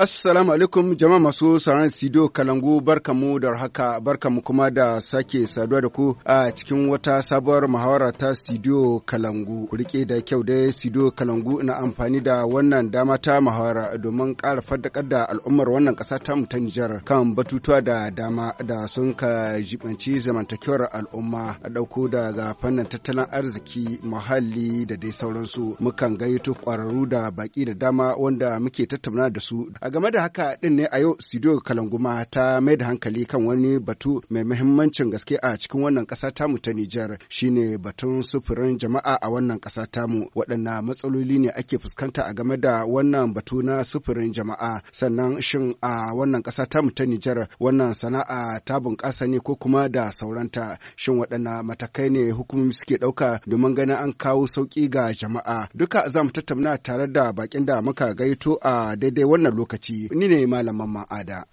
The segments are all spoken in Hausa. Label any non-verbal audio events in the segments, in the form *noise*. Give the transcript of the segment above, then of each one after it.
Assalamu alaikum jama'a masu sauran studio Kalangu barkamu da haka barkamu kuma da sake saduwa da ku a cikin wata sabuwar muhawara ta studio Kalangu. Ku rike da kyau dai studio Kalangu na amfani da wannan dama ta muhawara domin ƙara faddakar da al'ummar wannan ƙasa ta mu Nijar kan batutuwa da dama da sun ka jibanci zamantakewar al'umma a ɗauko daga fannin tattalin arziki, muhalli da dai sauransu. Mukan gayyato ƙwararru da baƙi da dama wanda muke tattauna da su A game da haka din ne a yau Sido Kalanguma ta mai da hankali kan wani batu mai muhimmancin gaske a cikin wannan ƙasa tamu ta Nijar shine batun sufurin jama'a a wannan ƙasa tamu waɗanna matsaloli ne ake fuskanta a game da wannan batu na sufurin jama'a sannan shin a wannan ƙasa tamu ta Nijar wannan sana'a ta bunƙasa ne ko kuma da sauranta shin waɗanna matakai ne hukumomi suke ɗauka domin ganin an kawo sauƙi ga jama'a duka za mu tattauna tare da baƙin da muka gaito a daidai wannan lokaci. lokaci ni ne malaman ma'ada.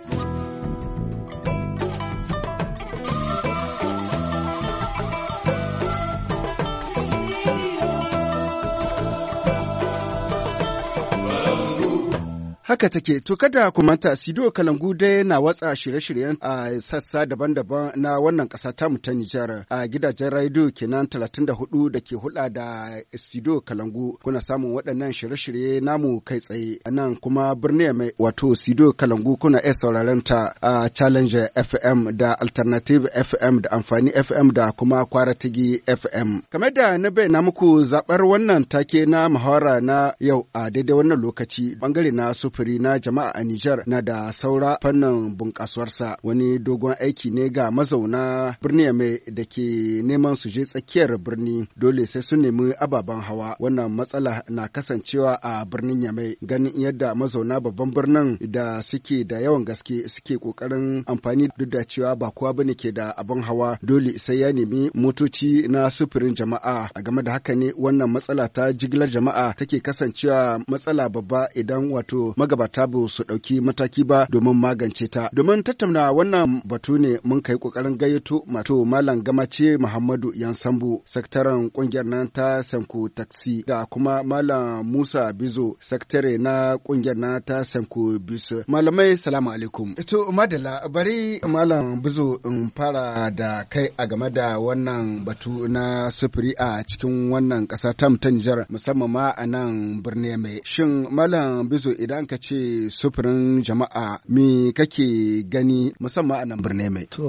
Haka take, to kada ku manta Sido Kalangu dai na watsa shirye-shiryen a sassa daban-daban na wannan kasa ta mu ta Nijar a gidajen radio kenan 34 da ke hulɗa da Sido Kalangu. Kuna samun waɗannan shirye-shirye namu kai tsaye. A nan kuma birni mai wato Sido Kalangu kuna iya sauraron ta a Challenge FM da Alternative FM da Amfani FM da kuma Kwaratigi FM. Kamar da na bayyana muku zaɓar wannan take na muhawara na yau a daidai wannan lokaci bangare na sufuri sufuri na jama'a a Nijar na da saura fannin bunƙasuwarsa wani dogon aiki ne ga mazauna birni mai da ke neman su je tsakiyar birni dole sai sun nemi ababen hawa wannan matsala na kasancewa a birnin Yamai ganin yadda mazauna babban birnin da suke da yawan gaske suke kokarin amfani duk da cewa ba kowa bane ke da abin hawa dole sai ya nemi motoci na sufurin jama'a a game da haka ne wannan matsala ta jigilar jama'a take kasancewa matsala babba idan wato magabata ba su ɗauki mataki ba domin magance ta. Domin tattauna wannan batu ne mun kai ƙoƙarin gayyato mato Malam Gamace Muhammadu Yansambu, sakataren ƙungiyar nan ta Sanku Taxi da kuma Malam Musa Bizo, sektare na ƙungiyar nan ta Sanku Bizo. Malamai salamu alaikum. Ito madala bari Malam Bizo in fara da kai a game da wannan batu na sufuri a cikin wannan ƙasa ta ta Nijar musamman ma a nan birni mai. Shin Malam Bizo idan ka ka ce sufurin jama'a me kake gani musamman a nan birni mai to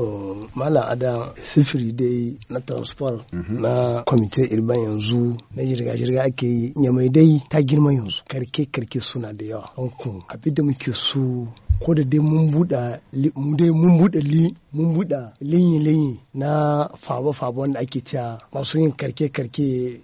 mala ada sifiri dai na transport mhm. na kwamitin irban yanzu na jirga-jirga ake yi mai dai ta girma yanzu karke-karke suna da yawa abin da muke su ko da dai mun buɗa mu dai mun buɗa mun buɗa linyi linyi na fabo faba wanda ake cewa masu yin karke karke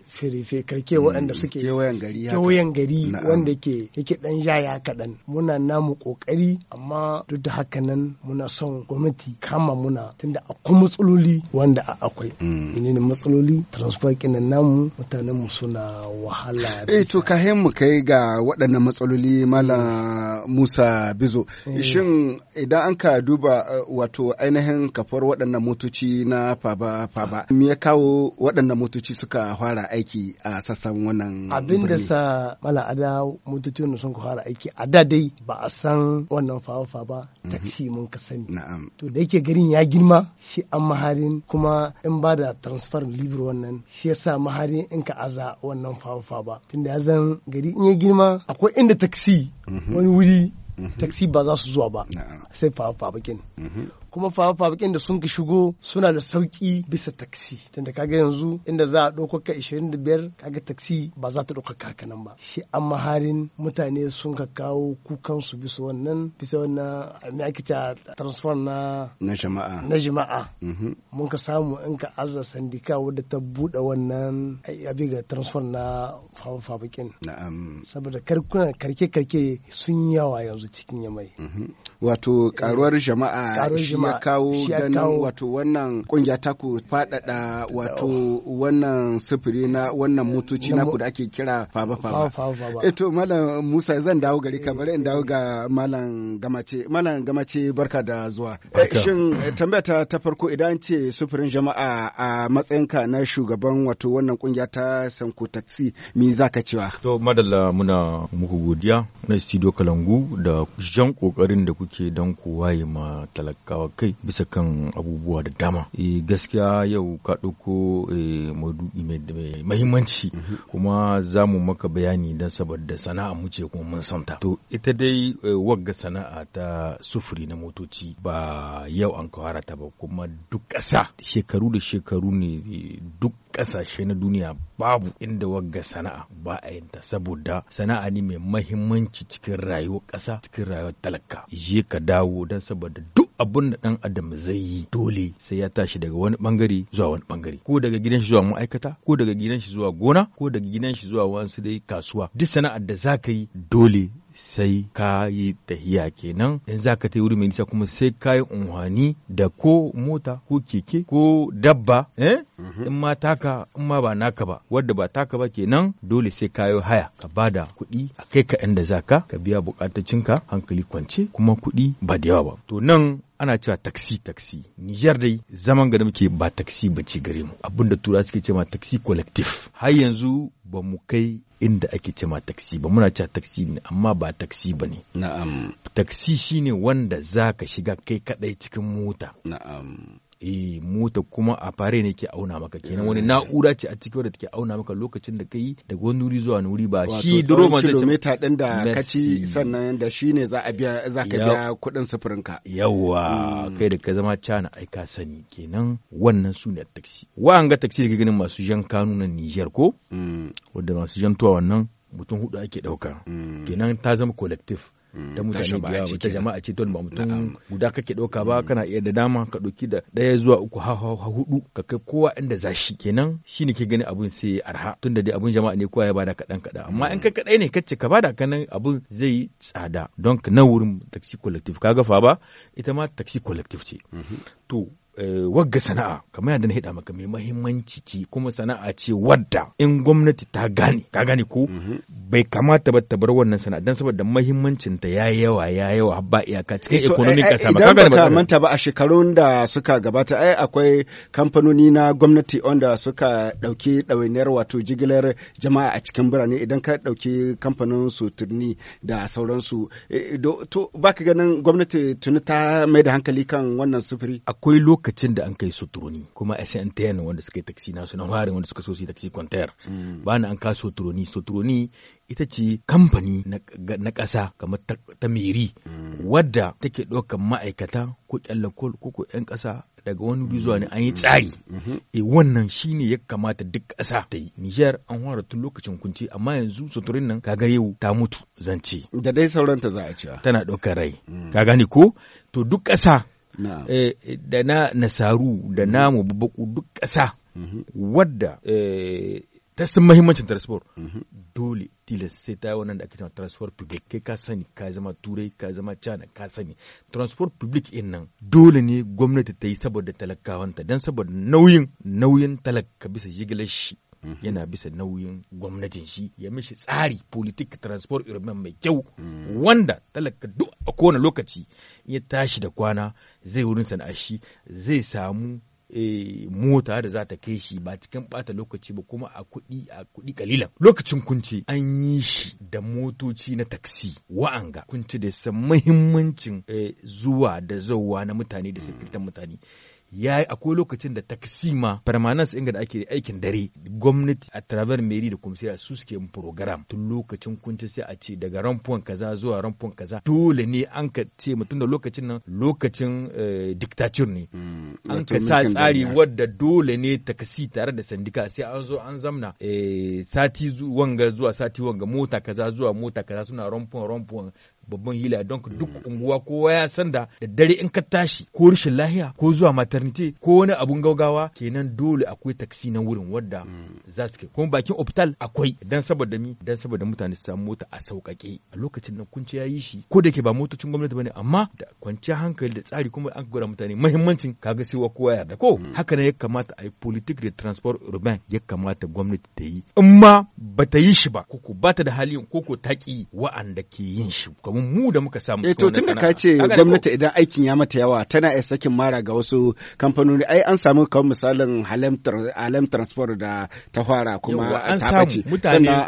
karke waɗanda mm, suke kewayen gari wanda ke yake dan jaya kaɗan muna namu ƙoƙari amma duk da haka nan muna son gwamnati kama muna tunda akwai matsaloli wanda a akwai mm. ne matsaloli transport kinan namu mutanen mu suna wahala eh to kahin mu kai ga waɗannan matsaloli mala Musa Bizo eh. shin idan an ka duba eh, wato ainihin kafar waɗannan motoci na faba faba me ya kawo waɗannan motoci suka fara aiki aiki a sassan wannan abin da sa mala ada mututun sun fara aiki a da dai ba a san wannan fawafa ba mhm. taksi mun ka sani na'am to da yake garin ya girma shi an maharin kuma in ba da transfer libro wannan shi yasa maharin in ka aza wannan fawafa ba tunda ya zan gari in ya girma akwai inda taksi mhm. wani wuri mhm. taksi ba za su zuwa ba sai fawafa bakin kuma fafafakin da sun ka shigo suna da sauki bisa taksi tunda kaga yanzu inda za a ɗaukar ka 25 kaga taksi ba za ta ɗaukar ka nan ba shi amma harin mutane sun ka kawo kukan su bisa wannan bisa wannan me ake ta transfer na na jama'a na jama'a mhm. mun ka samu in ka azza sandika wadda ta buɗe wannan abin ga transfer na fafafakin na'am saboda karkuna karke karke sun yawa yanzu cikin yamai mhm. wato karuwar jama'a ya kawo ganin wato wannan kungiya ta ku faɗaɗa wato wannan sufuri na wannan motoci na ku da ake kira faba faba eto eh malam musa zan dawo gari ka bari in dawo ga malam gamace malam gamace barka da zuwa eh, shin eh, tambaya ta farko idan ce sufurin jama'a a matsayinka na shugaban wato wannan kungiya ta sanko taxi mi zaka cewa to madalla muna muku godiya na studio kalangu da jan kokarin da kuke dan kowa ma talakawa kai bisa kan abubuwa da dama e gaskiya yau ka ɗauko eh, madu'i mai mahimmanci mhm. kuma za mu maka bayani don saboda sana'a mu ce kuma mun santa to ita dai eh, wagga sana'a ta sufuri na motoci ba yau an kawara ta ba kuma duk ƙasa shekaru da shekaru ne duk ƙasashe na duniya babu inda wagga sana'a ba a yin saboda sana'a ne mai mahimmanci cikin rayuwar ƙasa cikin rayuwar talaka je ka dawo don saboda duk abun da ɗan adam zai yi dole sai ya tashi daga wani bangare zuwa wani ɓangare. ko daga gidan shi zuwa ma'aikata ko daga gidan shi zuwa gona ko daga gidan shi zuwa wasu dai kasuwa duk sana'ar da za ka yi dole sai ka yi tahiya kenan in za ka wuri mai nisa kuma sai ka yi unhani da ko mota ko keke ko dabba eh? mhm. in ma taka in ma ba naka ba wadda ba taka ba kenan dole sai ka yi haya ka ba da kuɗi a kai ka inda za ka ka biya bukatacinka hankali kwance kuma kuɗi ba da yawa ba to nan ana cewa taxi taxi. Nijar dai zaman ga da muke ba taxi ba ci gare mu abinda tura suke ce ma taksi collective har yanzu ba mu kai inda ake ce ma taksi ba muna cewa taxi ne amma ba taxi ba ne na'am taksi shine wanda zaka shiga kai kadai cikin mota na'am eh mota kuma a fare ne ke auna maka kenan wani na'ura ce a ciki wadda take auna maka lokacin da kai daga wani wuri zuwa wuri ba shi drone zai ce ta din da kaci sannan da shi ne za a biya za ka biya kuɗin sufurin ka yawa mm. kai da ka zama cana ai ka sani kenan wannan su ne taxi wa'an ga taxi da ganin masu jan na Niger ko mm. wanda masu jan tuwa wannan mutum hudu ake dauka mm. kenan ta zama collective Mm. ta mutane da yawa ta jama'a ce don mutum guda kake ɗauka ba mm. kana iya da dama ka ɗauki da ɗaya zuwa uku ha hudu ka kai kowa inda zashi kenan shi ne ke gani abun sai arha tunda dai abun jama'a ne kowa ya bada kaɗan kaɗan amma in mm. kai kaɗai ne kace ka bada kanan abun zai tsada don na wurin taxi collective ka gafa ba ita ma taxi collective ce mm-hmm. to Eh, wagga sana'a kamar yadda na hida maka mai mahimmanci ce kuma sana'a ce wadda in gwamnati ta gane ka gane ko mhm. bai kamata ba ta bar wannan sana'a dan saboda mahimmancin ta ya yawa ya yawa ba iyaka cikin eh, economic eh, ba manta ba a shekarun da suka gabata ai akwai kamfanoni na gwamnati wanda suka dauki dawainiyar wato jigilar jama'a a cikin birane idan ka dauki kamfanin suturni da sauransu to baka ganin gwamnati tuni ta mai da hankali kan wannan sufuri akwai lokacin da an kai suturoni kuma SNTN wanda suka yi taksi na suna harin wanda suka so su yi taksi kwantar mm. ba na an ka suturoni suturoni ita ce kamfani na ƙasa kamar ta meri mm. wadda take ɗaukar ma'aikata ko kyallakol ko ko 'yan ƙasa daga wani wuri zuwa ne an yi mm. tsari mm-hmm. e wannan shine ya kamata duk ƙasa ta yi Nijar an fara tun lokacin kunci amma yanzu suturin nan kaga yau ta mutu zance da dai sauranta za a cewa tana ɗaukar rai ka gane ko to duk ƙasa Eh, da na nasaru da mhm. namu babbaku duk ƙasa mhm. wadda eh, ta san mahimmancin transport mhm. dole tilas sai ta wannan da ake cewa transport public kai ka sani ka zama turai ka zama china ka sani transport public in nan dole ne gwamnati ta yi saboda talakawanta don saboda nauyin nauyin talaka bisa jigilar shi Mhm. yana bisa nauyin gwamnatin shi ya mishi tsari politik transport urban mai kyau mhm. wanda talaka duk a kowane lokaci ya tashi da kwana zai wurin sana'a shi zai samu eh, mota da za ta kai shi ba cikin bata lokaci ba kuma a kuɗi a kuɗi kalilan lokacin kunci an yi shi da motoci na taksi wa'anga kunci da san muhimmancin eh, zuwa da zauwa na mutane da mhm. sifirtan mutane ya akwai lokacin da ma permanence inga da ake aikin dare gwamnati a travel meri da kumsiya su suke yin program tun lokacin kunci sai a ce daga rampon kaza zuwa rampon kaza dole ne an ka ce mutum da lokacin nan lokacin eh, dictature ne hmm, an ka sa tsari wadda dole ne takasi tare da sandika sai an zo an zamna eh, sati wanga zuwa sati wanga mota kaza zuwa mota kaza suna rampon rampon babban hila donc duk unguwa kowa ya san da da dare in ka tashi ko rashin lahiya ko zuwa maternity ko wani abun gaugawa kenan dole akwai taksi na wurin wadda za su kai kuma bakin hospital akwai dan saboda mi dan saboda mutane su samu mota a sauƙaƙe a lokacin nan kunci ya yi shi ko da ke ba motocin gwamnati bane amma da kwanciyar hankali da tsari kuma an gura mutane muhimmancin kaga sai kowa ya da ko haka ne ya kamata a yi politik da transport urban ya kamata gwamnati ta yi amma ba ta yi shi ba ko ba ta da hali ko ko ta ki wa'anda ke yin shi kamar mu da muka samu. Eh to tun da ka ce gwamnati idan aikin ya mata yawa tana iya sakin mara ga wasu kamfanoni ai an samu kamar misalin Halem Transport da ta fara kuma an samu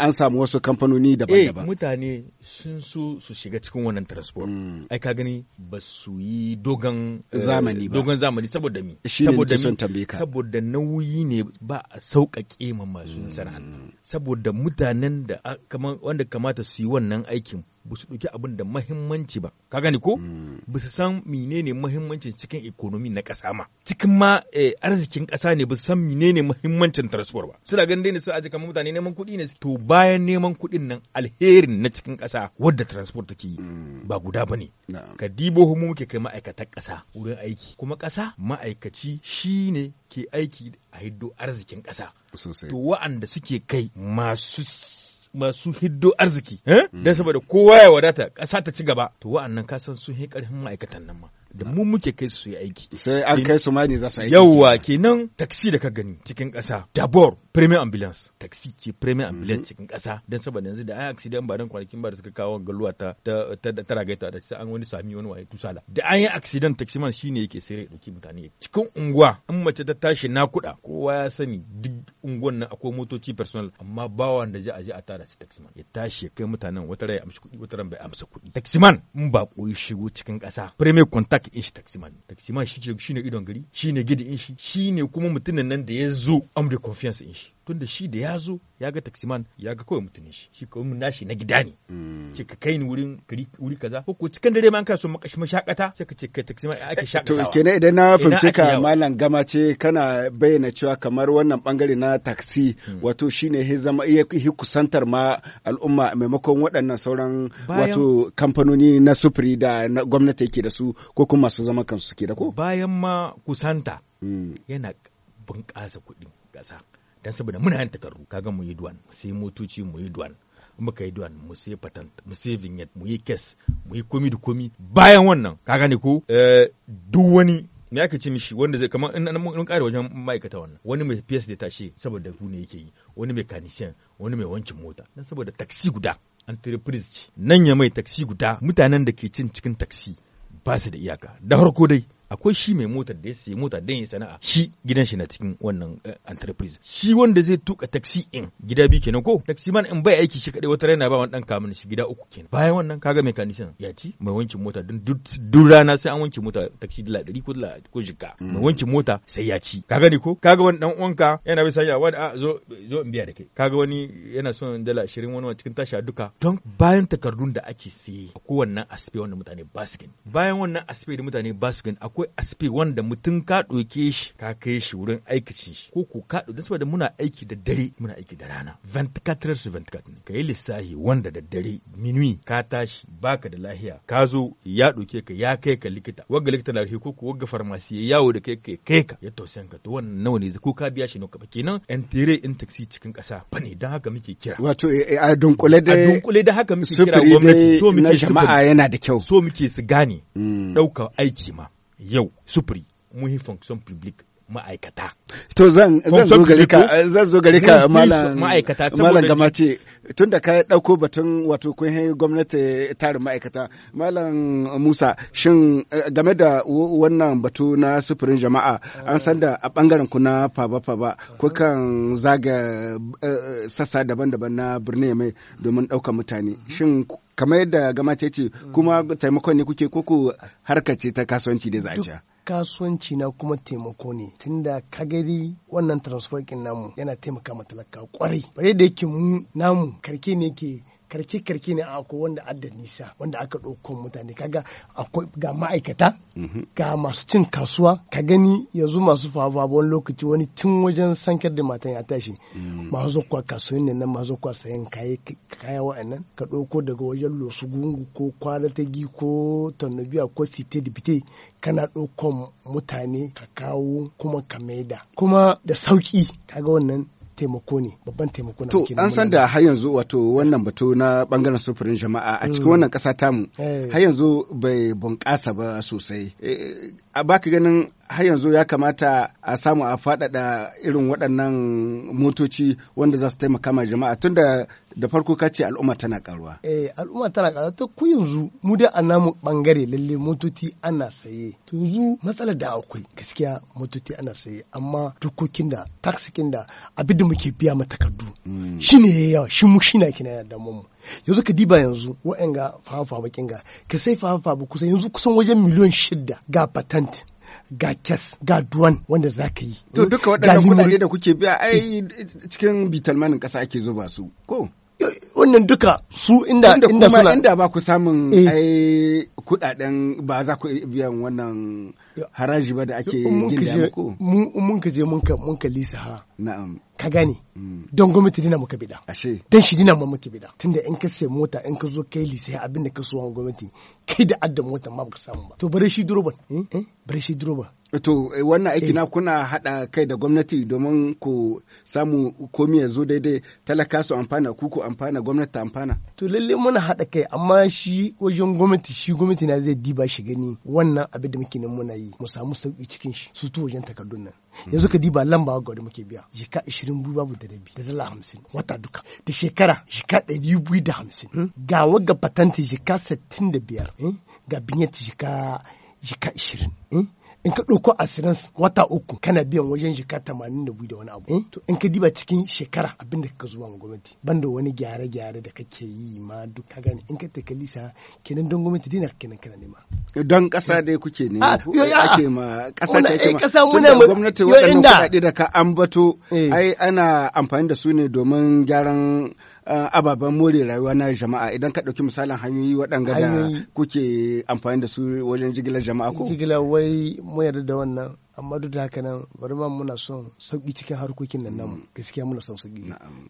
an samu wasu kamfanoni daban-daban. Eh mutane sun so su shiga cikin wannan transport. Mm. Ai ka gani ba su yi dogon eh, zamani ba. Dogon zamani saboda mi. Saboda mi saboda nauyi ne ba a sauƙaƙe ma masu mm. sana'a. Saboda mutanen da wanda kamata su yi wannan aikin ba su ɗauki abin da mahimmanci ba ka gani ko mm. ba su san menene mahimmancin cikin ikonomi na ƙasa ma cikin ma eh, arzikin ƙasa ne ba su san menene mahimmancin transport ba suna ganin ne su aje kamar mutane neman kuɗi ne to bayan neman kuɗin nan alherin na cikin ƙasa wadda transport ke yi mm. ba guda ba ne ka dibo homo muke kai ma'aikatan ƙasa wurin aiki kuma ƙasa ma'aikaci shine ke aiki a hiddo arzikin ƙasa to wa'anda suke kai masu masu hiddo arziki eh? Don saboda kowa ya wadata ƙasa ta ci gaba to wa'annan kasan sun hi ƙarfin ma'aikatan nan ma da mu muke kai su yi aiki sai an kai su ma ne za su aiki Yawwa kenan taxi da ka gani cikin ƙasa dabor premier ambulance taxi ce premier mhm. ambulance cikin ƙasa dan saboda yanzu da an accident ba dan kwanakin ba da suka kawo galuwa ta ta ragaita da sai an wani sami wani waye tusala da an yi accident taxi man shine yake sai ya dauki mutane cikin unguwa in mace ta tashi nakuda kowa ya sani duk unguwan nan akwai motoci personal amma ba wanda za a je a tara su taxi man ya tashi ya kai mutanen wata rai amshi kuɗi wata rai bai amsa kuɗi taxi man in ba koyi shigo cikin ƙasa premier contact ake in shi taximan taximan shi ne idon gari shi ne gidi inshi shi ne kuma mutumin nan da ya zo amri da confiance in tunda shi da ya zo ya ga taximan ya ga kawai mutumin shi shi kawai mun nashi na gida ne hmm. ce ka kai ni wurin wuri kaza ko ko cikin dare ma an kaso mashakata sai ka ce kai taximan ake shakatawa to kenan idan na fahimce ka malam gama ce kana bayyana cewa kamar wannan bangare na taxi hmm. wato shine he zama iya kusantar ma al'umma maimakon waɗannan sauran wato kamfanoni na sufuri da gwamnati yake da su ko kuma masu zama kansu suke da ko bayan ma kusanta hmm. yana bunƙasa kuɗin ƙasa dan saboda muna yin takardu kaga mu yi duwan sai motoci mu yi duwan muka yi duwan mu sai patent mu sai vignette mu yi kes mu yi komi da komi bayan wannan ka ne ko eh, duk wani me aka ce mishi wanda zai kamar in mun kare wajen ma'aikata wannan wani mai PS da tashi saboda ku ne yake yi wani mai kanisiyan wani mai wankin mota dan saboda taxi guda entreprise ce nan ya mai taxi guda mutanen da ke cin cikin taxi ba su da iyaka da harko dai akwai shi mai motar da ya sayi mota don ya sana'a shi gidan shi na cikin wannan eh, enterprise shi wanda zai tuka taxi in gida biyu kenan ko taxi man in bai aiki shi kadai wata rana ba wani dan kamun shi gida uku kenan bayan wannan kaga mekanishan ya ci mai wankin mota don duk rana sai an wanke mota taxi dala ɗari ko dala ko jika mm. mai wankin mota sai ya ci kaga ni ko kaga wani dan uwanka yana bai sanya wani a zo zo in biya da kai kaga wani yana son dala ashirin wani cikin tasha duka don bayan takardun da ake siye a wannan aspe wanda mutane ba su gani bayan wannan aspe da mutane ba su gani akwai akwai aspi wanda mutum ka ɗauke shi ka kai shi wurin aikacin shi ko ko ka ɗauke saboda muna aiki da dare muna aiki da rana 24 su 24 ka yi lissahi wanda da dare minui ka tashi baka da lahiya ka zo ya ɗauke ka ya kai ka likita wagga likita na ko ko wagga farmasi ya yawo da kai kai kai ka ya tausayan ka to wannan nawa ne ko ka biya shi nawa ka kenan yan tere in taxi cikin ƙasa ba ne don haka muke kira wato eh, eh, a dunkule da a dunkule da haka muke kira gwamnati so muke jama'a yana da kyau so muke su gane mm. ɗauka aiki ma yau sufuri mun yi fonction public ma'aikata. To zan zo ka eh, zan malam gama ce tun da ka ɗauko batun wato kun gwamnati tarin ma'aikata malam Musa shin eh, game da wannan batu na sufurin jama'a an san da a ɓangaren ku na faba faba ko kan zaga eh, sassa daban-daban na birni mai domin ɗaukar mutane mhm. shin kamar yadda gama ce ce mm. kuma taimakon ne kuke koko harkar ce ta kasuwanci da zaciya kasuwanci na kuma taimako ne tunda ka gari wannan transfer namu yana taimaka ma talaka kwarai bare da yake mu namu karke ne ke. karke karke ne akwai wanda adda nisa wanda aka ɗauko mutane kaga akwai ga ma'aikata mhm. ga masu cin kasuwa ka gani yanzu masu fafa wani lokaci wani tun wajen sankar da matan ya tashi mm. masu zakwa kasuwan nan masu zakwa sayan kaya wa'annan ka ɗauko daga wajen losu gungu ko kwalatagi ko tonnabiya ko site da fite kana ɗaukon mutane ka kawo kuma ka maida kuma da sauki kaga wannan taimako ne babban taimako na to an san da har yanzu wato wannan batu na bangaren sufurin jama'a a cikin mm. wannan kasa tamu eh. har yanzu bai bunƙasa ba sosai eh, a baka ganin har yanzu ya kamata a samu a faɗaɗa irin waɗannan motoci wanda za su taimaka ma jama'a tun da da farko ka ce al'umma tana karuwa. Eh al'umma tana karuwa ta ku yanzu mu da a namu bangare lalle motoci ana saye to yanzu matsalar da akwai gaskiya motoci ana saye amma dokokin da taksikin da abin da muke biya ma takardu hmm. shine yawa shi mu shi na kina da mu yanzu ka diba yanzu wa'anga fafa bakin ga ka sai fafa kusan yanzu kusan wajen miliyan shida ga patent ga kes ga duwan wanda za ka yi. To duka waɗannan kuɗaɗe da kuke biya ai eh. cikin bitalmanin ƙasa ake zuba su ko? wannan duka su inda inda suna inda ba ku samun eh. ai kudaden ba za ku biyan wannan haraji ba da ake gindaya ko mun ka je mun ka mun ka lisa ha na'am ka gane mm. don gwamnati dina muka bida ashe dan shi dina ma muka bida tunda in ka sai mota in ka zo kai lisai abin da ka so gwamnati kai da adda mota ma baka samu ba to bare shi duroban eh? eh? bare shi duroban to eh, wannan aiki na kuna hada kai da gwamnati domin ku samu komi ya zo daidai talaka su amfana ku ku amfana gwamnati ta amfana to lalle muna hada kai amma shi wajen gwamnati shi gwamnati na zai diba shi gani wannan abin da muke nan muna yi mu samu sauki cikin shi su tu wajen takardun nan yanzu ka diba lamba gwada muke biya shika ishirin babu da rabi da dala hamsin wata duka da shekara shika ɗari da hamsin hmm? ga waga patanti shika sittin da biyar hmm? ga binyet shika shika in ka ɗauko sinan wata uku kana biyan wajen jika tamanin da biyu da wani abu eh, to in ka diba cikin shekara abin da ka zuba ma gwamnati banda wani gyare-gyare da kake yi ma duk ka gane in ka lisa kenan don gwamnati dina kenan kana nema don ƙasa dai kuke ne ah, ake ah, ma ƙasa ce ake eh, ma tunda gwamnati waɗannan kuɗaɗe da ka ambato eh. ai ana amfani da su ne domin gyaran Eh, ababen more rayuwa na jama'a idan ka ɗauki misalin hanyoyi waɗanda da kuke amfani da su wajen jigilar jama'a ko? Jigilar wai mu yarda da wannan amma duk da haka nan bari ma muna son sauki cikin harkokin nan namu mm. gaskiya muna son sauki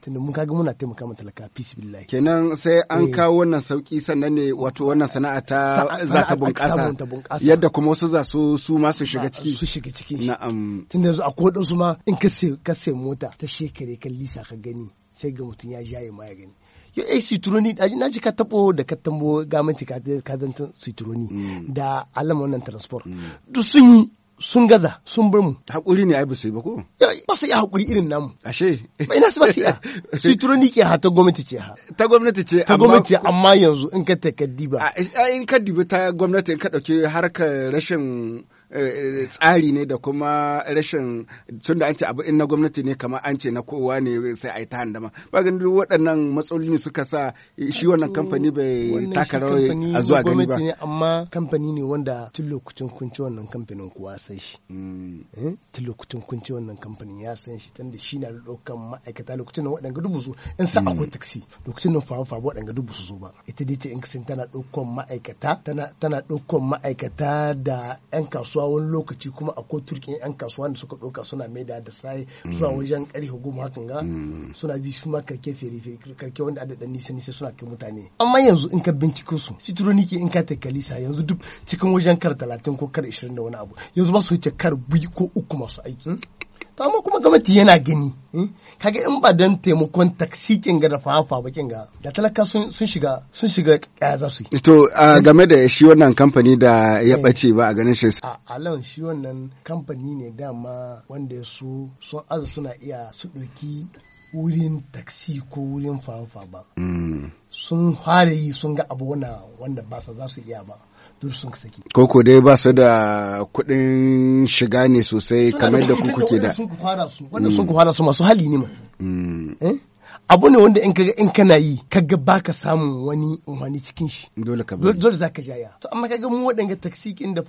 tunda mun kaga muna taimaka mata talaka peace billahi kenan sai an eh. kawo wannan sauki sannan ne wato wannan sana'a ta za ta bunƙasa yadda kuma wasu za su su ma su shiga ciki su shiga ciki na'am tunda yanzu akwai wadansu ma in ka sai ka sai mota ta shekare kan lisa ka gani sai ga mutum ya jaye ma ya gani yo ai eh, sitroni na ji ka tabo da ka tambo gamanci ka ka zanta sitroni mm. da alam wannan transport mm. duk sun yi sun gaza sun bar mu hakuri ne ai ba su yi ba ko ba su yi hakuri irin namu ashe ba ina su ba su yi sitroni *laughs* ke ha ta gwamnati ce ha ta gwamnati ce ta gwamnati amma yanzu in ka takaddi ba eh, in ka dibi ta gwamnati in ka dauke harkar rashin Eh, tsari ne da kuma rashin tun da an ce abu in na gwamnati ne kamar an ce na kowa ne sai a yi ta handama ba ga duk waɗannan matsaloli ne suka sa shi wannan kamfani bai taka rawar a zuwa gani ba amma kamfani ne wanda tun lokacin kunci wannan kamfanin kuwa sai shi mm. eh, tun lokacin kunci wannan kamfanin ya san shi tun da shi na ɗaukan ma'aikata lokacin nan waɗanga dubu su in sa akwai mm. taksi lokacin nan faru faru waɗanga dubu su zo ba ita dai ce in tana ɗaukan ma'aikata tana ɗaukan ma'aikata da 'yan kasuwa kasuwa wani lokaci kuma akwai turkin yan kasuwa da suka ɗauka suna mai da sai zuwa mm. wajen ƙarfe goma hakan ga mm. suna bi su ma karke fere fere karke wanda a nisa nisa suna kai mutane amma yanzu in ka binciko su sitroniki in ka ta kalisa yanzu duk cikin wajen kar talatin ko kar ishirin da wani abu yanzu ba su wuce kar bi ko uku masu aiki to amma kuma gwamnati yana gani eh? kaga in ba dan taimakon taksi kin ga da fafa ba kin ga da talaka sun shiga sun shiga kaya za su yi to game da shi wannan kamfani da ya bace eh. ba a ganin shi a alan shi wannan kamfani ne dama wanda su sun azu suna iya su doki wurin taksi ko wurin fafa ba mm. sun fara yi sun ga abu wanda ba sa za su iya ba sun saki ko ko dai ba su da kuɗin shiga ne sosai kamar da kuku ke da sun ku fara su wanda sun mm. ku fara su masu hali ne ma mm. eh? abu ne wanda in kaga in kana yi kaga baka samun wani umarni cikin shi dole ka dole zaka jaya to amma kaga mu wadanga kin da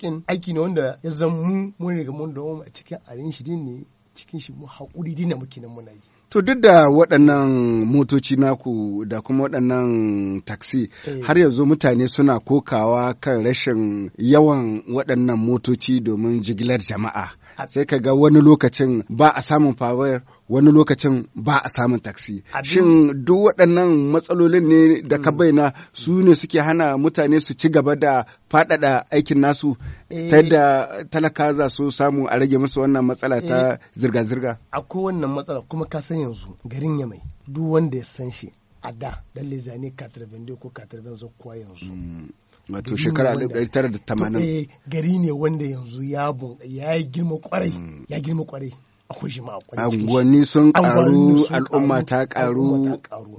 kin. aiki ne wanda ya zan mu mun riga mun da a cikin arin shi ne cikin shi mu haƙuri dina muke nan muna yi To duk da waɗannan motoci naku da kuma waɗannan taksi eh. har yanzu mutane suna kokawa kan rashin yawan waɗannan motoci domin jigilar jama'a. sai ka ga wani lokacin ba a samun power wani lokacin ba a samun taksi. Shin duk waɗannan matsalolin ne da ka mm. bayyana su ne suke hana mutane su ci gaba da faɗaɗa aikin nasu ta eh. yadda talaka za su samu a rage musu wannan matsala ta eh. zirga-zirga? Akwai wannan matsala kuma ka san yanzu garin ya mai duk wanda ya san shi a da lalle zane katarben ko katarben zakuwa yanzu. Mm. wato shekara ɗari tara da tamanin. Eh, gari ne wanda yanzu ya girma kwarai mm. ya girma kwarai akwai shi ma akwai unguwanni sun karu al'umma ta karu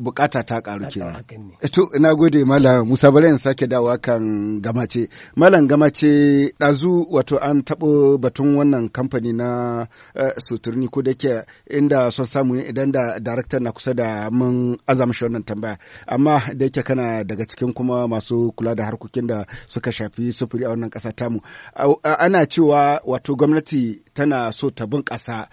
bukata ta karu ke. to ina gode malam Musa bare in sake dawa kan gamace malam gamace dazu wato an tabo batun wannan kamfani na eh, suturni ko da ke inda son samu idan da director na kusa da mun azam shi wannan tambaya amma da yake kana daga cikin kuma masu kula da harkokin da suka shafi sufuri a wannan kasa tamu ana cewa wato gwamnati tana so ta bunƙasa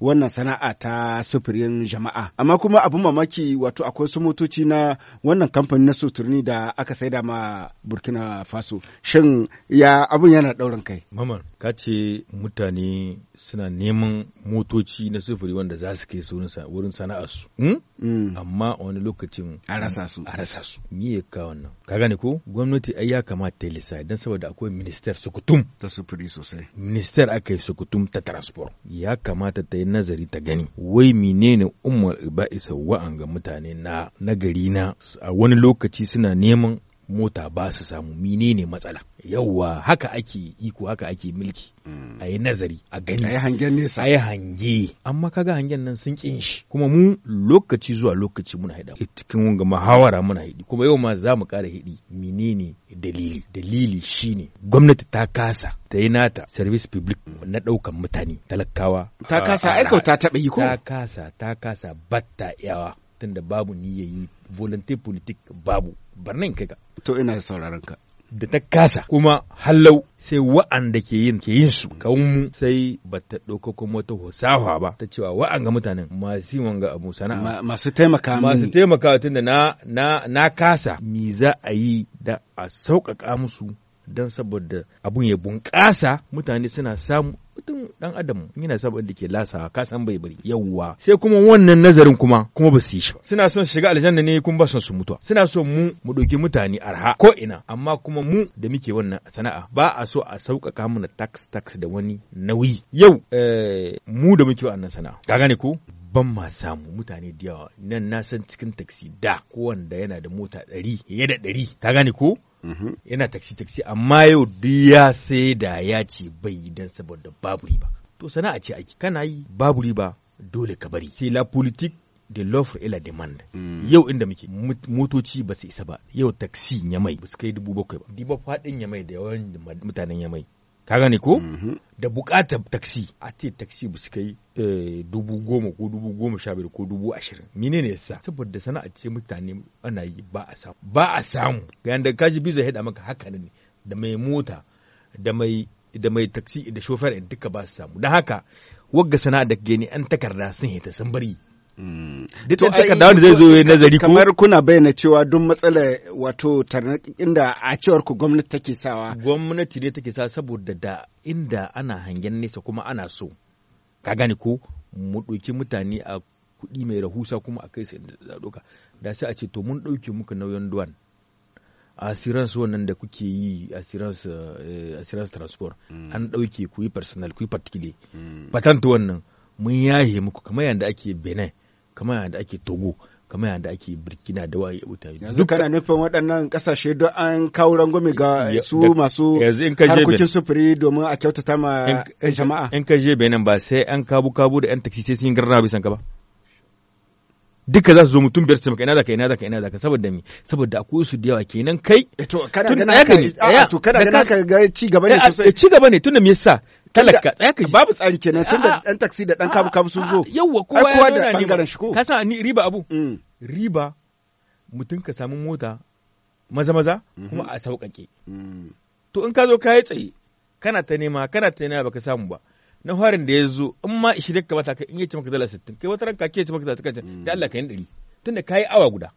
wannan sana'a ta sufurin jama'a amma kuma abin mamaki wato akwai su motoci na wannan kamfanin na suturni da aka saida ma burkina faso shin ya abin yana ɗaurin kai mamar ka ce mutane suna neman motoci na sufuri wanda za su kai wurin sana'arsu hmm? Hmm. amma wani lokacin a rasa su a rasa su me ya ka wannan ka gane ko gwamnati ai ya kamata ta lissa dan saboda akwai minister sukutum ta sufuri sosai minister aka yi sukutum ta transport ya kamata ta yi nazari ta gani wai menene ummul iba'isa ga mutane na nagari na a wani lokaci suna neman mota ba su samu menene matsala yauwa haka ake iko haka ake mulki hmm. a yi nazari a gani a yi hangen nesa a hange amma kaga hangen nan sun kin shi kuma mu lokaci zuwa lokaci muna haɗa cikin wanga muhawara muna haɗi kuma yau ma za mu ƙara haɗi menene dalili dalili shine gwamnati ta kasa ta yi nata service public na ɗaukan mutane talakawa ta kasa aikauta ta taɓa yi ko ta kasa ta kasa batta yawa da babu ni yi volunteer politik babu barnan kai ka to ina sauraron ka da ta kasa kuma hallau sai wa'anda ke yin ke yin su kawunmu sai ba ta ɗauka kuma wata hosawa ba ta cewa wa'anga mutanen masu yin wanga abu sana'a masu taimaka masu taimaka tun da na na na kasa mi za a yi da a sauƙaƙa musu don saboda abun ya bunƙasa mutane suna samu mutum dan adam yana sabon da ke lasa ka san bai bari yawwa sai kuma wannan nazarin kuma kuma ba su yi shi ba. suna son shiga aljanna ne kuma ba son su mutuwa suna son mu mu ɗauki mutane arha ko ina amma kuma mu da muke wannan sana'a ba a so a sauƙaƙa mana tax tax da wani nauyi yau eh, mu da muke wannan sana'a ka gane ko ban ma samu mutane da yawa nan na san cikin taksi da kowanda yana da mota ɗari ya da ɗari ka gane ko yana taksi taksi amma yau duk ya sai da ya ce bai yi dan saboda babu riba to sana'a ce aiki kana yi babu riba dole ka bari sai la politique de l'offre et la demande mm. yau inda muke motoci ba su isa ba yau taksi ya mai ba su kai dubu bakwai ba diba faɗin ya mai da yawan mutanen ya ka gane ko mhm. da bukatar taxi a ce taxi ba su kai eh, dubu goma ko dubu goma sha biyar ko dubu ashirin mine ne yasa saboda sana'a ce mutane ana yi ba a samu ba a samu ga yanda biyu zai ya maka haka ne da mai mota da mai da mai taksi da shofar duka ba su samu don haka wagga sana'a da gani an takarda sun hita sun bari Mm. Duk da takarda zai zo ya nazari ko kamar kuna bayyana cewa duk matsalar wato tarnaƙin inda a cewar ku gwamnati take sawa. Gwamnati ne take sa saboda da inda ana hangen nesa kuma ana so. Ka gane ko mu ɗauki mutane a kuɗi mai rahusa kuma a kai sai da doka Da sai a ce to mun ɗauke muku nauyin duwan. assurance wannan da kuke yi assurance, eh, transport mm. an ɗauke ku yi personal ku yi particular mm. patent wannan mun yahe muku kamar yadda ake benin kamar yadda ake togo kamar yadda ake burkina da waye mutane yanzu kana nufin waɗannan ƙasashe don an kawo rangwame ga su masu harkokin sufuri domin a kyautata ma jama'a in ka je benin ba sai an kabu kabu da yan taksi sai sun garna bisan ka ba duka za su zo mutum biyar su maka ina zaka ina zaka ina zaka saboda me saboda akwai su da yawa kenan kai eh, to kana ganin a to kana ganin haka ci gaba ne eh, sosai ci gaba ne tunda me yasa talaka tsaya ka babu tsari kenan tunda dan taksi da dan kabu kabu sun zo yawwa kowa ya da bangaren shi ko ka san ni riba abu mm. riba mutum ka samu mota maza maza mhm. kuma a sauƙaƙe mm. to in ka zo ka yi tsaye kana ta nema kana ta nema baka samu ba na farin da ya zo in ma ishirin ka bata ka in yace maka dala sittin kai wata ranka ke ce maka mm. zata kanta da Allah ka yi ɗari tunda ka yi awa guda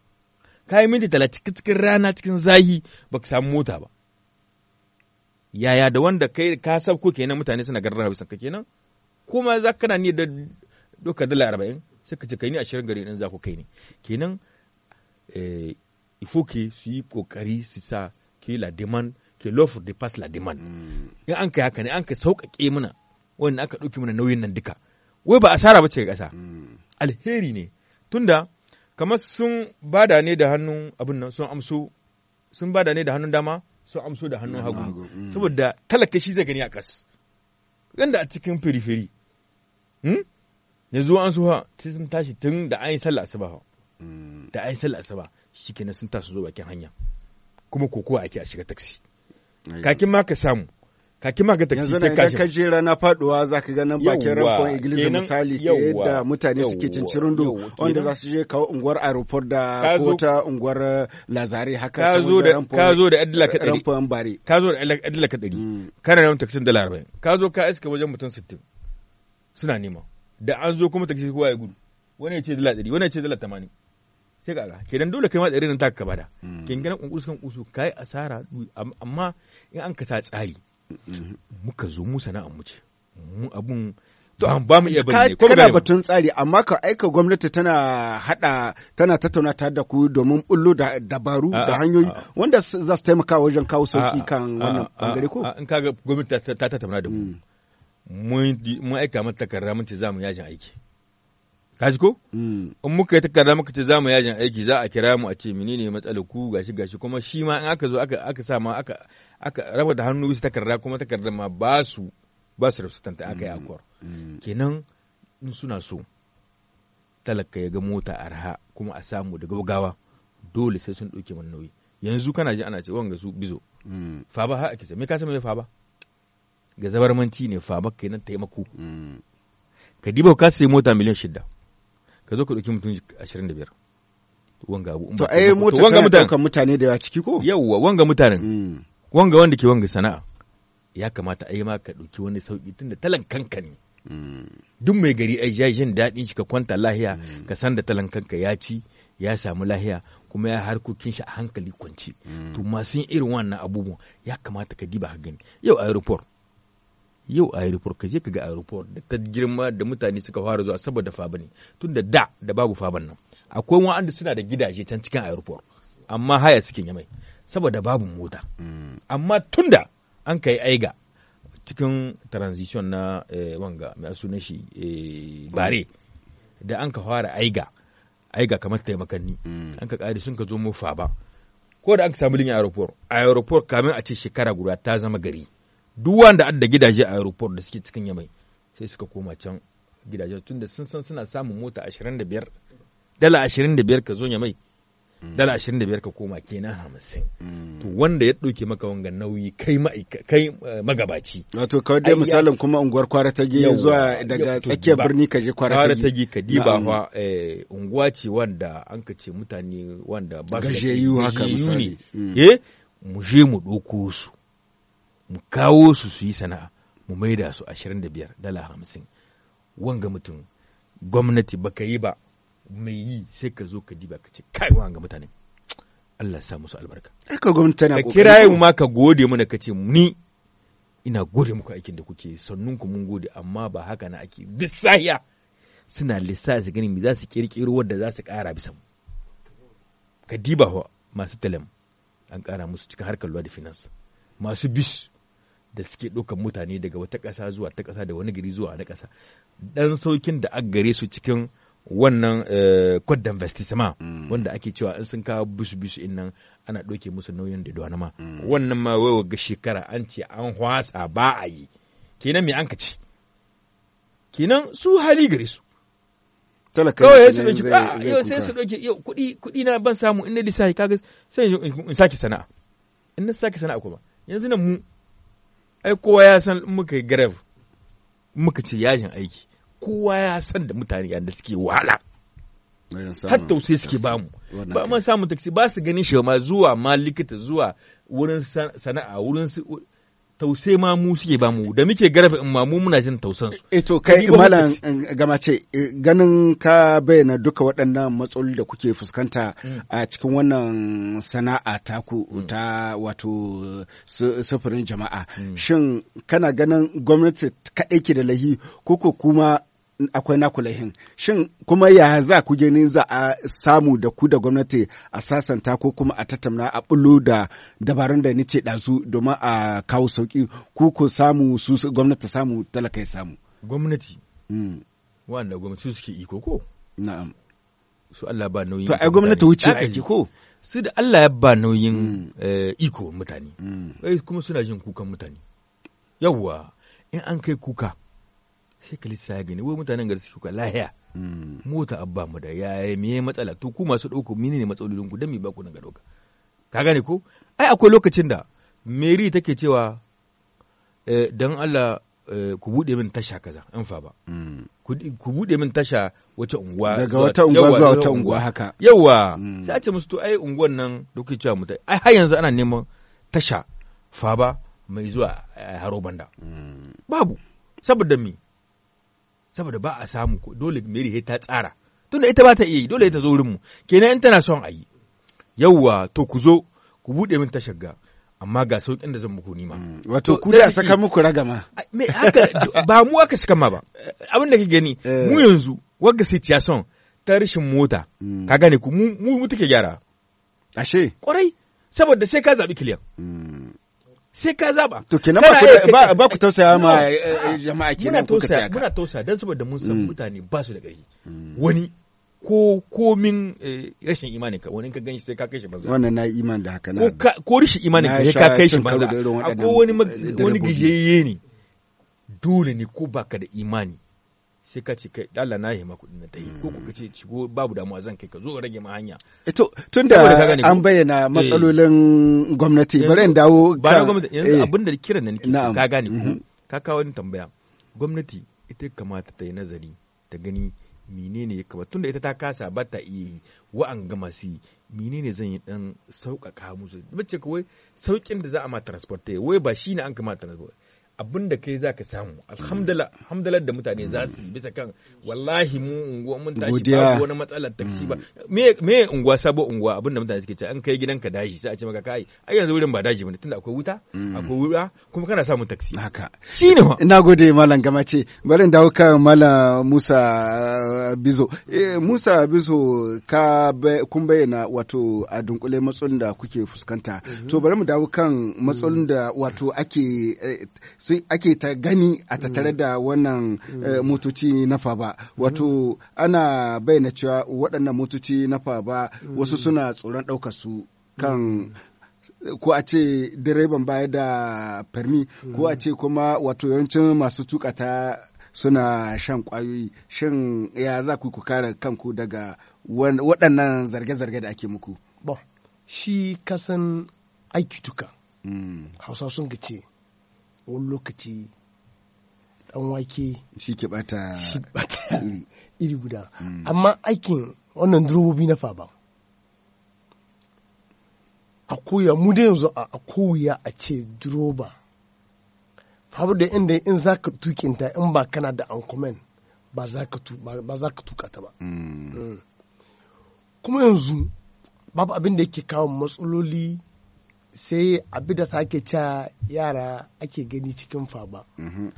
ka yi minti 30 cikin rana cikin zahi baka samu mota ba yaya da wanda kai ka ko kenan mutane suna garin rahabi sanka kenan kuma za ka ni da doka dala arba'in sai ka ce kai ni ashirin gari in za ku kai ni kenan eh, ifoke su yi kokari su sa ke la demand ke love the past la demand mm. in an kai haka ne an ka sauƙaƙe mana wanda aka ɗauki mana nauyin nan duka wai ba asara ba ce ga ƙasa mm. alheri ne tunda kamar sun bada ne da hannun abin nan sun amso sun bada ne da hannun dama sun amso da hannun hagu mm. saboda talaka shi zai gani a kas ganda a cikin firifiri hmm? ya zuwa an suha sun tashi tun da an yi sallah asuba ha mm. da an yi sallah asuba kenan sun tashi zo bakin hanya kuma kokowa ake a shiga taksi kakin ma ka samu ka kima ga taksi sai ka shi ka je rana faduwa zaka ga nan bakin rampon igilizi misali ke yadda mutane suke cincirundo wanda za su je kawo unguwar airport da ko ta unguwar eh, lazare haka ka zo da ka zo da adila ka dari rampon bare ka zo da adila ka dari hmm. kana neman taksin dala 40 ka zo ka iska wajen mutum 60 suna nema da an zo kuma taksi kowa ya gudu wani ya ce dala 100 wani ya ce dala 80 sai kaga kenan dole kai ma tsari nan taka bada hmm. kin ganin kunkusu kan kusu kai asara amma in an kasa tsari muka zo mu sana'ar mu ce mu abun to an ba mu iya bane ko kana batun tsari amma ka aika gwamnati tana hada tana tattauna ta da ku domin bullo da dabaru da hanyoyi wanda za su taimaka wajen kawo sauki kan wannan bangare ko in kaga gwamnati ta tattauna da mu mm. mun aika mata takarda mun ce za mu yajin aiki ka ji ko mm. in muka yi takarda muka ce za mu yajin aiki za a kira mu a ce menene matsalar ku gashi gashi kuma shi ma in aka zo aka aka sa ma aka aka raba da hannu bisa takarda kuma takarda ma ba su ba su representant aka yi akwar mm, mm. kenan in suna so talaka ya ga mota arha kuma a samu da gaugawa dole sai sun ɗauke wani nauyi yanzu kana ji ana ce wanga su bizo mm. ba har ake ce me ka san me ba ga zabarmanci ne faba kenan taimako ka diba ka sai mota miliyan shida ka zo ka ɗauki mutum ashirin da biyar wanga abu to ai mota tana mutane da yawa ciki ko yawwa wanga mutanen wanga wanda ke wanga sana'a ya kamata yi ma ka ɗauki wani sauƙi talan talankanka ne duk mai gari ai ya jin daɗin shi ka kwanta lahiya mm. ka san da talan kanka ya ci ya samu lahiya kuma ya harkokin shi a hankali kwanci to mm. masu yin irin wannan abubuwan ya kamata ka diba gani yau aeroport yau aeroport ka je ka ga aeroport da ta girma da mutane suka fara zuwa saboda faba ne tun da da da babu faban nan akwai wa'anda suna da gidaje can cikin aeroport amma haya suke yamai saboda babu mota mm. amma tunda an kai aiga cikin transition na eh, wanga mai sunan shi eh, bare da an ka fara aiga aiga kamar taimakanni mm. an ka kare sun ka zo mufa ba. ko da an ka samu linyar aeroport aeroport kamin a ce shekara guda ta zama gari duk wanda adda gidaje a aeroport da suke cikin yamai sai suka koma can gidajen tunda sun san suna samun mota 25 dala 25 ka zo yamai Mm. dala ashirin da biyar ka koma kenan hamsin mm. to wanda ya ɗauke maka wanga nauyi kai kai eh, magabaci wato kawai dai misalin kuma unguwar kwara ta gi zuwa daga tsakiyar birni ka je kwara ta gi ka ba fa eh, unguwa ce wanda an ka ce mutane wanda ba su yi haka misali mm. eh mu je mu ɗauko su mu kawo su su yi sana'a mu maida su ashirin da biyar dala hamsin wanga mutum gwamnati baka yi ba mai yi sai ka zo ka diba ka ce kai ga mutane Allah sa musu albarka haka gwamnati tana ka kiraye mu ma ka gode mana ka ce ni ina gode muku aikin da kuke sannun ku mun gode amma ba haka na ake bisaya suna lissafi ganin me za su kirkiro wanda za su kara bisa mu ka diba masu talam an kara musu cikin harkar luwa da finance masu bis da suke ɗaukar mutane daga wata ƙasa zuwa ta ƙasa da wani gari zuwa na ƙasa ɗan saukin da aggare su cikin wannan eh, code d'investissement mm. wanda ake cewa in sun kawo bisu bisu in nan ana ɗauke musu nauyin da duwana ma mm. wannan ma wai ga shekara an ce an hwasa ba a yi kenan me an ka ce kenan su hali gare su kawai su ɗauki yau sai su ɗauki yau kuɗi kuɗi na ban samu in na lissafi kaga sai in sake sana'a in na sake sana'a kuma yanzu nan mu ai kowa ya san muka yi grave muka ce yajin aiki kowa ya san da mutane yadda suke wahala har tausayi suke bamu ba ma samun taksi ba su ganin shi ma zuwa ma likita zuwa wurin sana'a wurin tausai ma mu suke bamu da muke garba in ma mu muna jin tausan su E to kai malam eh, ce eh, ganin ka bayyana duka waɗannan matsaloli da kuke fuskanta mm. a cikin wannan sana'a ta ku mm. ta wato sufurin jama'a mm. shin kana ganin gwamnati kaɗai ke da lahi ko ko kuma akwai naku laihin shin kuma ya za ku gani za a samu da ku da gwamnati a sasanta ko kuma a tattauna a bullo da dabarun da ni ce ɗazu domin a kawo sauƙi ku ku samu su gwamnati samu talaka ya samu gwamnati mm. wanda gwamnati suke iko ko na'am su Allah ba nauyin to ai gwamnati wuce aiki ko su da Allah ya ba nauyin mm. eh, iko mutane mm. kuma suna jin kukan mutane yawwa in an kai kuka sai ka lissa gani wai mutanen gari suke lahiya hmm. mota abba mu da yaya me matsala to ku masu dauko mini ne matsalolin ku dan mi ba ku daga doka ka gane ko ai akwai lokacin da Mary take cewa eh, dan Allah eh, ku bude min tasha kaza in fa ba hmm. ku bude min tasha wata unguwa daga wata unguwa zuwa wata unguwa haka yawa hmm. sai a ce musu to ai unguwan nan doki cewa mutai ai har yanzu ana neman tasha fa ba mai zuwa eh, haro banda babu saboda mi saboda ba a samu dole Mary ta tsara tunda ita ba ta iya yi dole ta zo wurin mu kenan in tana son a yi yawwa to ku zo ku buɗe min tashar ga amma ga sauƙin da zan muku nima. Mm, wato ku da saka muku ragama. Me haka ba mu aka saka ma ba. Abin da kike gani eh. mu yanzu wagga sai tiya son ta rishin mota. Mm. Ka gane ku mu mu take gyara. Ashe. Kwarai saboda sai ka zaɓi kiliyan. sai ka zaba to kenan ba ba ku tausaya ma eh, eh, jama'a kenan kuka ce muna tausaya dan saboda mun san mm. mutane ba su da gari mm. wani ko komin eh, rashin imani ka wani ka ganshi sai ka kai shi banza wannan na imani da haka na ko rashin imani ka sai ka kai shi banza ko wani wani gijeye ne dole ne ko baka da imani sai ka ce kai dala na yi kuɗin na yi ko kuka mm. ce shigo babu damuwa zan kai ka zo rage ma hanya eh, to tunda an bayyana eh. matsalolin gwamnati eh, bare in dawo ba na gwamnati yanzu abin da na nan ka gane ko mm-hmm. ka kawo ni tambaya gwamnati ita kamata ta yi nazari ta gani menene ya kamata tunda ita ta kasa ba ta iya yi an ga masu yi menene zan yi dan sauƙaƙa musu mace kawai sauƙin da za a ma transport wai ba shine an kama transport abin da kai ka samu alhamdulillah da mutane za su bisa kan wallahi mu unguwa mun tashi ba wani matsala taksi ba mm. me me unguwa sabo unguwa abin da mutane suke ce an kai gidanka daji sai a ce maka kai ai yanzu wurin ba daji bane tunda akwai wuta mm. akwai wuta kuma kana samun taksi haka shine wa ina gode malam gama ce bari dawo kan malam Musa uh, Bizo eh, Musa Bizo ka kun bayyana wato a dunkule matsalolin da kuke fuskanta mm-hmm. to bari mu dawo kan matsalolin mm. da wato ake eh, sai ake ta gani a tattare mm. da wannan mm. eh, motoci na faba wato mm. ana bayyana cewa waɗannan motoci na faba wasu suna tsoron ɗaukar su kan ko a ce direban baya da farmi ko a ce kuma wato yawancin masu tuka suna shan kwayoyi shin ya za ku kare kanku daga waɗannan zarge-zarge da ake muku bon shi kasan aiki tuka hausa sun gace. wani lokaci dan wake shi ke bata *laughs* iri guda hmm. amma aikin wannan durobobi na faba a koya mu da yanzu a koya a ce duroba fabar da inda in za ka tukinta in ba kana da ankomen ba za ka tuka ta ba hmm. Hmm. kuma yanzu babu abinda da yake kawo matsaloli sai abin da sake ca yara ake gani cikin faba mhm.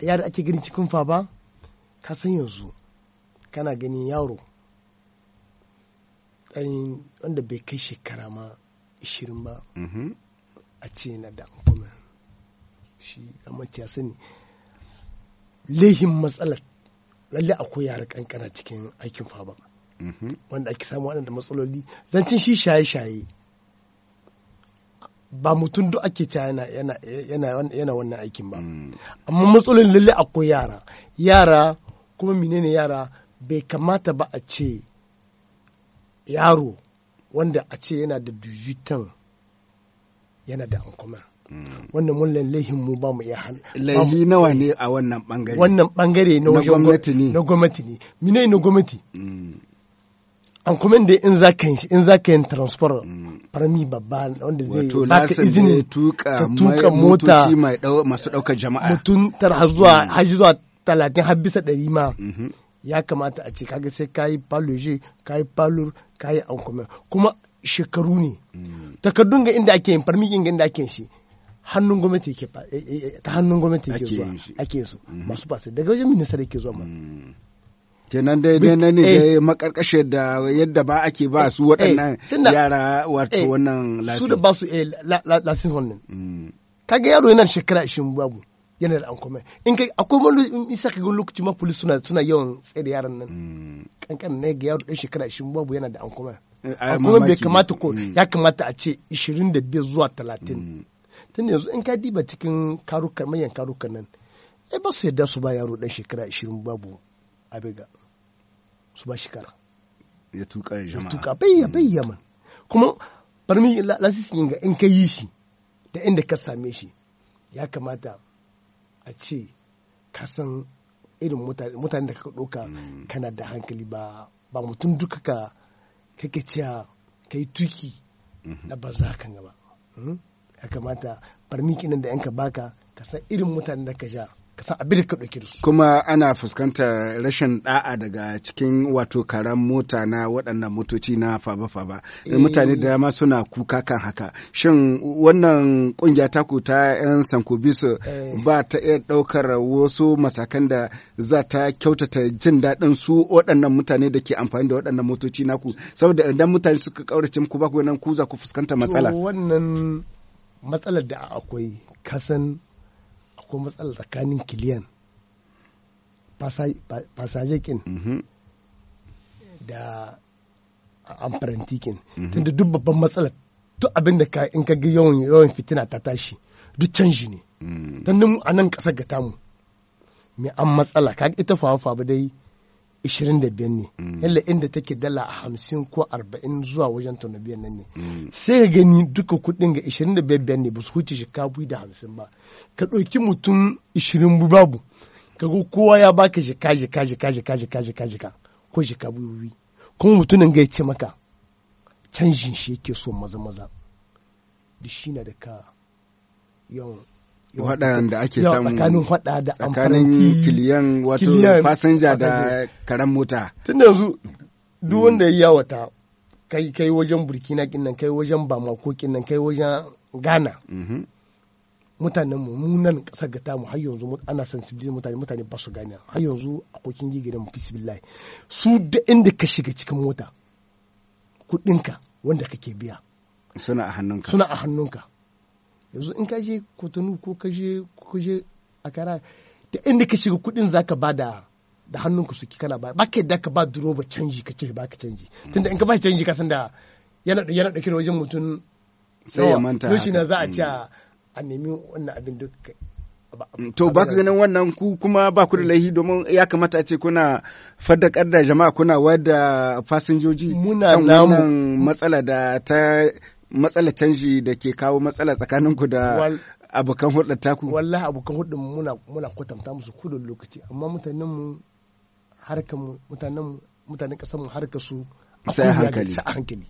yara ake gani cikin faba ka san yanzu kana ganin yaro ɗan wanda bai kai shekara ma ishirin ba mhm. a ce na da kuma shi a matiya sani lehin matsalar lalle akwai yara kankana cikin aikin faba mhm. wanda ake samu waɗanda matsaloli zancin shi shaye-shaye ba mutum duk ake ta yana yana yana wannan aikin ba hmm. amma matsalolin lalle akwai yara yara kuma menene yara bai kamata ba a ce yaro wanda a ce yana da dujitan yana da ankuma hmm. wannan mun lallehin mu ba mu iya hannu laihi nawa ne a wannan bangare wannan bangare na gwamnati ne na gwamnati ne mine na gwamnati hmm. an kuma inda in za ka yi in za ka yi transport farami mm. babba wanda zai baka izini tuka mota masu ɗaukar jama'a mutum tara har zuwa mm. har zuwa talatin har bisa ɗari ma mm-hmm. ya kamata a ce kaga sai kayi paloje kayi palur kayi an kuma kuma shekaru ne mm. takardun ga inda ake yin farami ga inda ake yin shi hannun gwamnati ke eh, eh, eh, ta hannun gwamnati ke zuwa ake su mm-hmm. masu fasa daga wajen minista da ke zuwa ma kenan dai eh. dai na ne dai makarkashe da yadda ba ake ba su eh, waɗannan eh, yara wato wannan lasin su da ba su lasin wannan mm. kaga yaro yana shekara 20 babu yana da ankoma in kai akwai wani isa ka ga lokaci ma police suna suna yawan tsaye da yaran nan mm. kankan ne ga yaro dan shekara 20 babu yana da ankoma ankoma bai kamata ko mm. ya kamata a ce 25 zuwa 30 tun yanzu in ka diba cikin karukan mayan karukan nan ai ba su yadda su ba yaro dan shekara 20 babu abiga su ba shi kara ya tuka ya jama'a tuka bayya bayya man kuma farmi lasisi ga in ka yi shi da inda ka same shi ya kamata a ce ka san irin mutane da ka ɗauka mm. kana da hankali ba ba mutum duka ka kake cewa ka yi tuki mm-hmm. na banza na ba mm? ya kamata farmi kinan da yanka baka ka san irin mutane da ka sha ka san abin da ka ɗauki da su. Kuma ana fuskantar rashin ɗa'a daga cikin wato karan mota na waɗannan motoci na faba-faba. Eh. Mutane da dama suna kuka kan haka. Shin wannan ƙungiya ku ta 'yan Sankobis eh. ba ta iya ɗaukar wasu matakan da za ta kyautata jin daɗin su waɗannan mutane da ke amfani da waɗannan motoci naku. Saboda idan mutane suka ƙaurace muku ba ku nan ku za ku fuskanta matsala. Wannan matsalar da akwai kasan akwai matsala tsakanin kiliyan fasajikin mm-hmm. da amfarantikin mm-hmm. tunda duk babban matsala duk abinda ka in ka ga yawan yawan fitina ta tashi duk canji ne mm. dan mu a nan kasar ga tamu me an matsala ka ita fawa fa ba dai Ishirin da 25 ne mm. yalla inda take dala hamsin ko arba'in zuwa wajen tona biyan nan ne mm. sai ka gani duka kudin ga 25 ne ba su huce shikabu da hamsin ba ka ɗauki mutum ishirin babu ka ga kowa ya baka jika jika jika jika jika jika jika ko jika biyu kuma mutumin ga ya ce maka canjin shi yake so maza maza da shi na da ka yawan waɗanda ake samu tsakanin faɗa da tsakanin kiliyan wato fasinja da karen mota tun da yanzu duk wanda ya yawata kai kai wajen burkina kinnan kai wajen bamako kinnan kai wajen ghana mhm. mutanen mu munan kasar gata mu har yanzu ana sensibilizar mutane mutane ba su gane har yanzu akokin gigi da mu bismillah su da inda ka shiga cikin mota kuɗinka wanda kake biya suna a hannunka suna a hannunka yanzu in ka je kotonu ko ka je a kara da inda ka shiga kudin ka ba da da ka suke kana ba ba ka yadda ka ba duro ba canji ka ce ba ka canji tunda in ka ba canji ka san da yana yana dauke da wajen mutum sai ya manta yoshi na za a ce hmm. a nemi wannan abin duk to ba ku ganin wannan ku kuma ba ku da laihi hmm. domin ya kamata a ce kuna faddakar da jama'a kuna wayar da fasinjoji muna namu matsala da ta matsala canji da ke kawo matsala tsakaninku da abokan hulɗar taku wallahi abokan hulɗar muna muna kwatanta musu kudin lokaci amma mutanen mu harkar mu mutanen mu mutanen kasar mu harkar su sai hankali sai hankali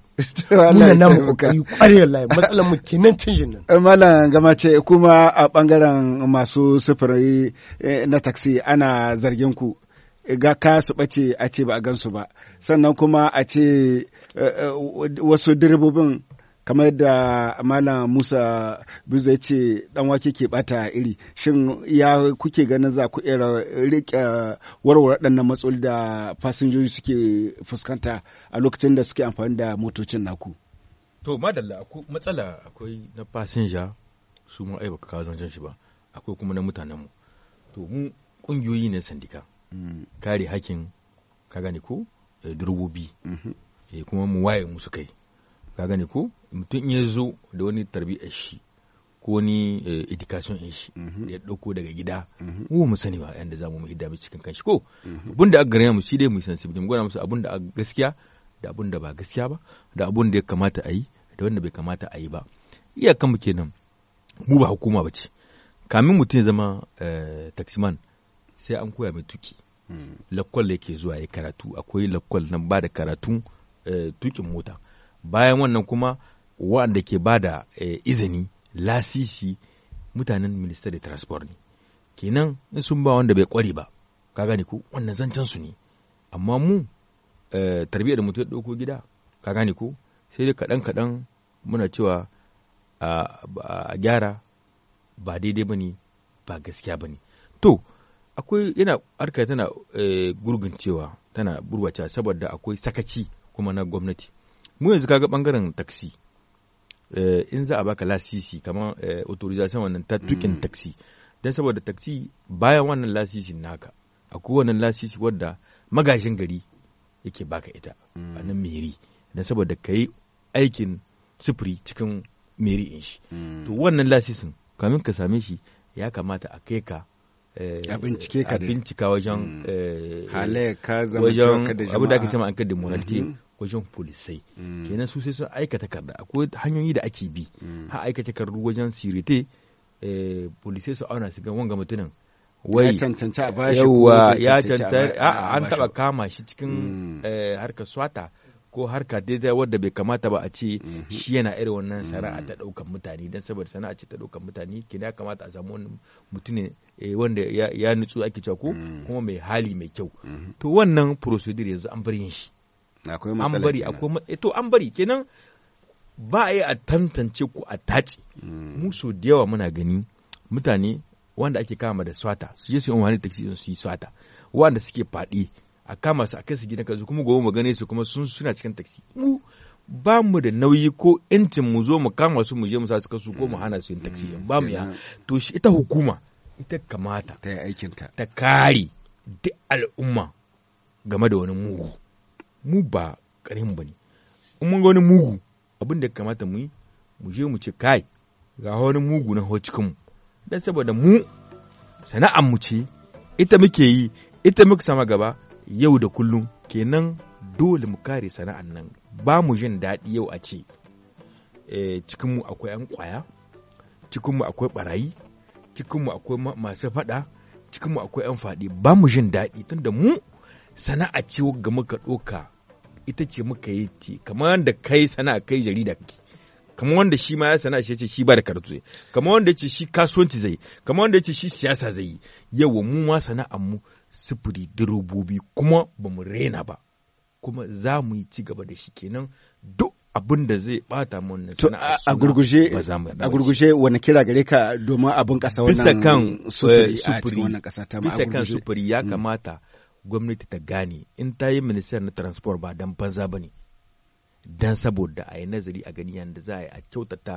wallahi na mu kokari kwarai wallahi matsalar mu kenan canjin nan *laughs* malam gama ce kuma a bangaren masu sufuri eh, na taxi ana zargin ku ga ka su bace a ce ba a gansu ba sannan kuma a ce eh, eh, wasu direbobin kamar yadda malam musa buzai ce dan wake ke bata iri shin ya kuke ganin za ku iya rike uh, warware ɗannan matsaloli da fasinjoji suke fuskanta a lokacin da suke amfani da motocin naku to madalla matsala akwai na fasinja su mu ai baka kawo zancen shi ba akwai kuma na mutanenmu to mu kungiyoyi ne sandika mm. kare hakin ka gane ko eh, durbobi mm-hmm. eh, kuma mu waye musu kai ka gani ko mutum ya zo da wani tarbiyyar shi ko wani eh, education in shi mhm. ya dauko daga gida mhm. mu mu sani ba yanda zamu mu hidda mu cikin kanshi ko mhm. abun da aka gare mu shi dai mu san mu gona musu abun da gaskiya da abun da ba gaskiya ba da abun da ya kamata a yi da wanda bai kamata a yi ba iyakan mu kenan mu ba hukuma ba ce kamin mutum ya zama eh, taximan sai an koya mai tuki hmm. lakwal da yake zuwa ya karatu akwai lakwal nan ba da karatu eh, tukin mota bayan wannan kuma waɗanda ke ba da eh, izini lasisi mutanen minister da transport ne kenan in sun ba wanda bai kware ba ka gane ko wannan zancen su ne amma mu eh, tarbiyyar da mutum ya ɗauko gida ka gane ko sai dai kaɗan kaɗan muna cewa a gyara ba daidai ba ne ba gaskiya ba ne to akwai yana harka tana eh, gurgun cewa tana burwacewa saboda akwai sakaci kuma na gwamnati mu yanzu kaga bangaren taxi eh, in za a baka lasisi kamar eh, authorization wannan ta tukin mm. taksi don saboda taxi bayan wannan lasisin naka akwai wannan lasisi wanda magashin gari yake baka ita mm. a nan meri don saboda ka aikin sufuri cikin meri in shi mm. to wannan lasisin kamin ka same shi ya kamata a kai ka Eh, a bincike ka bincika wajen mm. eh, ka zama wajen abu da ake cewa an kadi morality mm-hmm. wajen polisai mm. kenan su sai sun aikata karda akwai hanyoyi da ake bi mm. ha aikata takardu wajen sirite eh, polisai su auna su ga wanga mutunan wai cancanci a bashi yawwa ya cancanta an taba kama shi cikin harkar swata ko harka daidai wadda bai kamata ba a ce mhm. shi yana irin wannan sana'a mhm. ta daukan mutane don saboda sana'a ce ta daukan mutane kina ya kamata a samu wani mutum eh, wanda ya nutsu ake cewa ko mhm. kuma mai hali mai kyau to wannan procedure yanzu an bar yin shi an bari akwai eh, to an bari kenan ba a yi a tantance ko a tace mm. mu so da yawa muna gani mutane wanda ake kama da swata su je su yi wani taxi su yi swata wanda suke faɗi a kama su a kai su gidan kasu kuma gobe mu gane su kuma sun suna cikin taxi. mu ba mu da nauyi ko intin mu zo mu kama su mu je mu sa su kasu ko mu mm. hana su yin taxi mm, ba mu ya to shi ita hukuma ita kamata ta aikin ta ta kare duk al'umma game da wani mugu mu ba karin bane in mun ga wani mugu abin da kamata mu yi mu je mu ce kai ga wani mugu na hocikin mu dan saboda mu sana'ar mu ce ita muke yi ita muka sama gaba yau da kullum kenan dole mu kare sana'an nan ba mu jin daɗi yau a ce eh, cikinmu akwai 'yan ƙwaya cikinmu akwai ɓarayi cikinmu akwai masu faɗa cikinmu akwai 'yan faɗi ba mu jin daɗi tunda mu sana'a ce ga muka ɗoka ita ce muka yi ce kamar wanda kai sana'a kai jarida kake kamar wanda shi ma ya sana'a shi ce shi ba da karatu kamar wanda ce shi kasuwanci zai kamar wanda ce shi siyasa zai yi yawa mu ma sana'ar mu sufuri direbobi kuma ba mu rena ba kuma za mu yi ci gaba da shi kenan duk abin da zai bata mun na a gurguje a gurguje wani kira gare ka domin abin kasa wannan eh, sufuri wannan kasa ta bisa kan sufuri ya mm. kamata gwamnati ta gane in ta yi minister na transport ba dan banza bane dan saboda a yi nazari a gani yadda za a yi a kyautata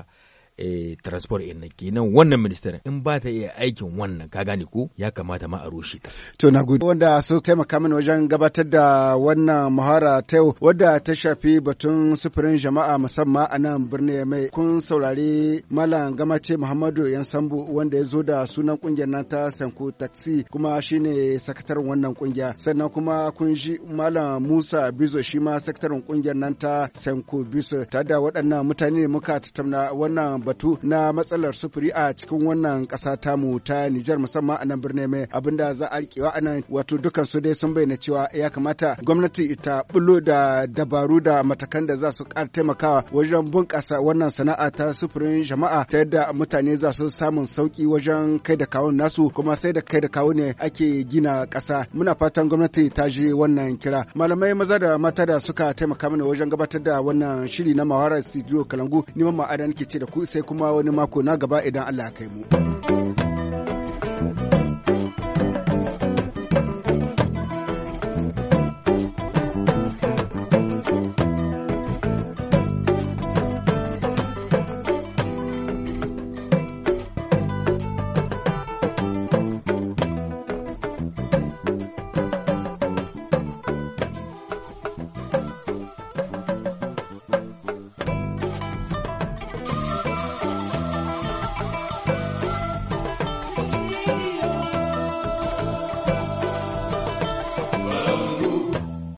Eh, transport in kenan wannan minister in ba ta iya aikin wannan ka gane ko ya kamata ma a rushe ta to na gudu. wanda su taimaka mini wajen gabatar da wannan muhara ta yau wadda ta shafi batun sufurin jama'a musamman a nan ya mai kun saurari malam gamace muhammadu yan sambu wanda ya zo da sunan kungiyar nan ta sanku taxi kuma shine sakataren wannan kungiya sannan kuma kun ji malam musa bizo shi ma sakataren kungiyar nan ta sanku bizo tare da waɗannan mutane muka tattauna wannan batu na matsalar sufuri a cikin wannan ƙasa tamu ta Nijar musamman a nan birnin mai abinda za a rikewa a nan wato dukan su dai sun bayyana cewa ya kamata gwamnati ita bulo da dabaru da matakan da za su ƙara taimakawa wajen bunƙasa wannan sana'a ta sufurin jama'a ta yadda mutane za su samun sauƙi wajen kai da kawun nasu kuma sai da kai da kawo ne ake gina ƙasa muna fatan gwamnati ta ji wannan kira malamai maza da mata da suka taimaka mana wajen gabatar da wannan shiri na mawara studio kalangu ni ma ma'adan ke ce da ku sai kuma wani mako na gaba idan Allah ya kai mu.